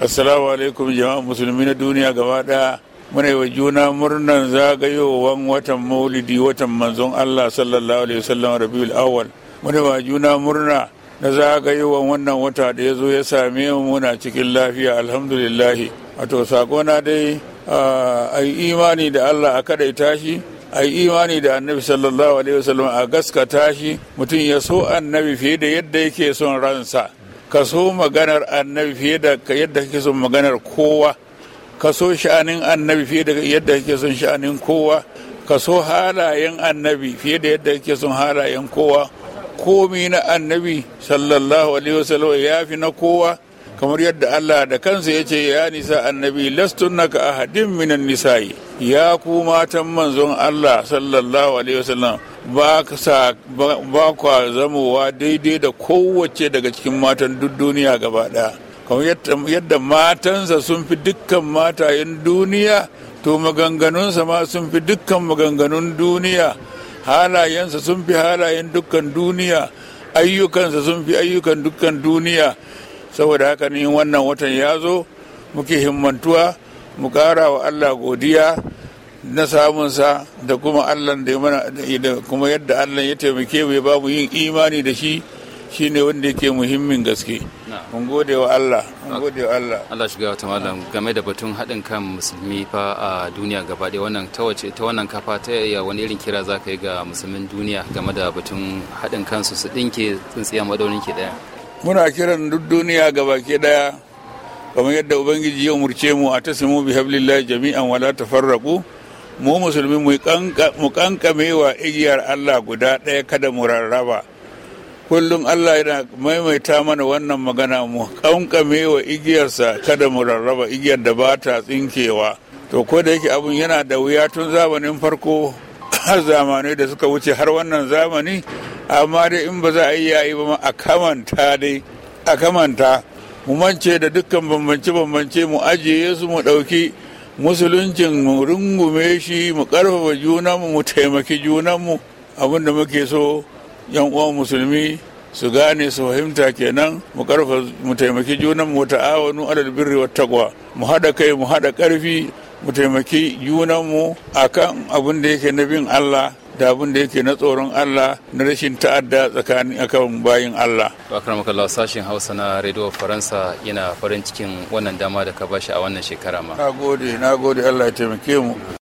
assalamu alaikum jama'a musulmi na duniya gaba ɗaya muna wa juna murnan zagayowar watan maulidi watan manzon allah sallallahu alaihi wasallam rabiul awwal muna wa juna murna na zagayowar wannan wata da ya zo ya same mu muna cikin lafiya alhamdulillahi wato na dai a yi imani da allah a kaɗai tashi. a imani da annabi sallallahu alaihi wasallam a gaskata shi mutum ya so annabi fiye da yadda yake son ransa ka so maganar annabi fiye da yadda kake son maganar kowa ka so sha'anin annabi fiye da yadda kake son sha'anin kowa ka so halayen annabi fiye da yadda kake son halayen kowa komi na annabi sallallahu alaihi wasallam ya fi na kowa kamar yadda Allah da kansa ya ce ya nisa annabi lastunnaka ahadin minan nisa'i ya ku matan manzon Allah sallallahu alaihi wasallam ba kwa zamowa daidai da kowace daga cikin matan duk duniya gaba ɗaya kamar yadda matansa sun fi dukkan matayen duniya to maganganunsa ma sun fi dukkan maganganun duniya halayensa sun fi halayen dukkan duniya ayyukansa sun fi ayyukan dukkan duniya saboda haka ne wannan watan ya zo muke himmantuwa mu ƙara wa allah godiya na samunsa da kuma allah da kuma yadda allah ya taimake mu ya ba mu yin imani da shi shine wanda yake muhimmin gaske mun gode wa Allah mun gode wa Allah Allah shiga wata malam game da batun haɗin kan musulmi fa a duniya gaba ɗaya wannan ta wace ta wannan kafa ta yaya wani irin kira za ka yi ga musulmin duniya game da batun haɗin kansu su ɗinke tsintsiya madaunin ke ɗaya muna kiran duk duniya gaba ke ɗaya kamar yadda ubangiji ya umurce mu a tasimu bi hablillahi jami'an wala tafarraqu mu musulmi mu kankame wa igiyar Allah guda ɗaya kada mu rarraba kullum Allah yana maimaita mana wannan magana mu kankame wa igiyarsa kada mu rarraba igiyar da ba ta tsinkewa to ko da yake abun yana da wuya tun zamanin farko har zamanai da suka wuce har wannan zamani amma dai in ba za a yi yayi ba a kamanta dai a kamanta mu mance da dukkan bambance-bambance mu ajiye su mu ɗauki musuluncin mu rungume shi mu karfafa junanmu mu taimaki junanmu abin da muke so yan uwan musulmi su gane su fahimta kenan mu karfa mu taimaki junanmu mu ta'awanu alal birri wat taqwa mu hada kai mu hada karfi mu taimaki junanmu akan abin da yake na bin Allah da abin da yake na tsoron Allah na rashin ta'adda tsakanin akan bayin Allah. Akramakallah sashen Hausa na Radio Faransa yana farin cikin wannan dama da ka bashi a wannan shekara ma. Na gode, na gode Allah ya taimake mu.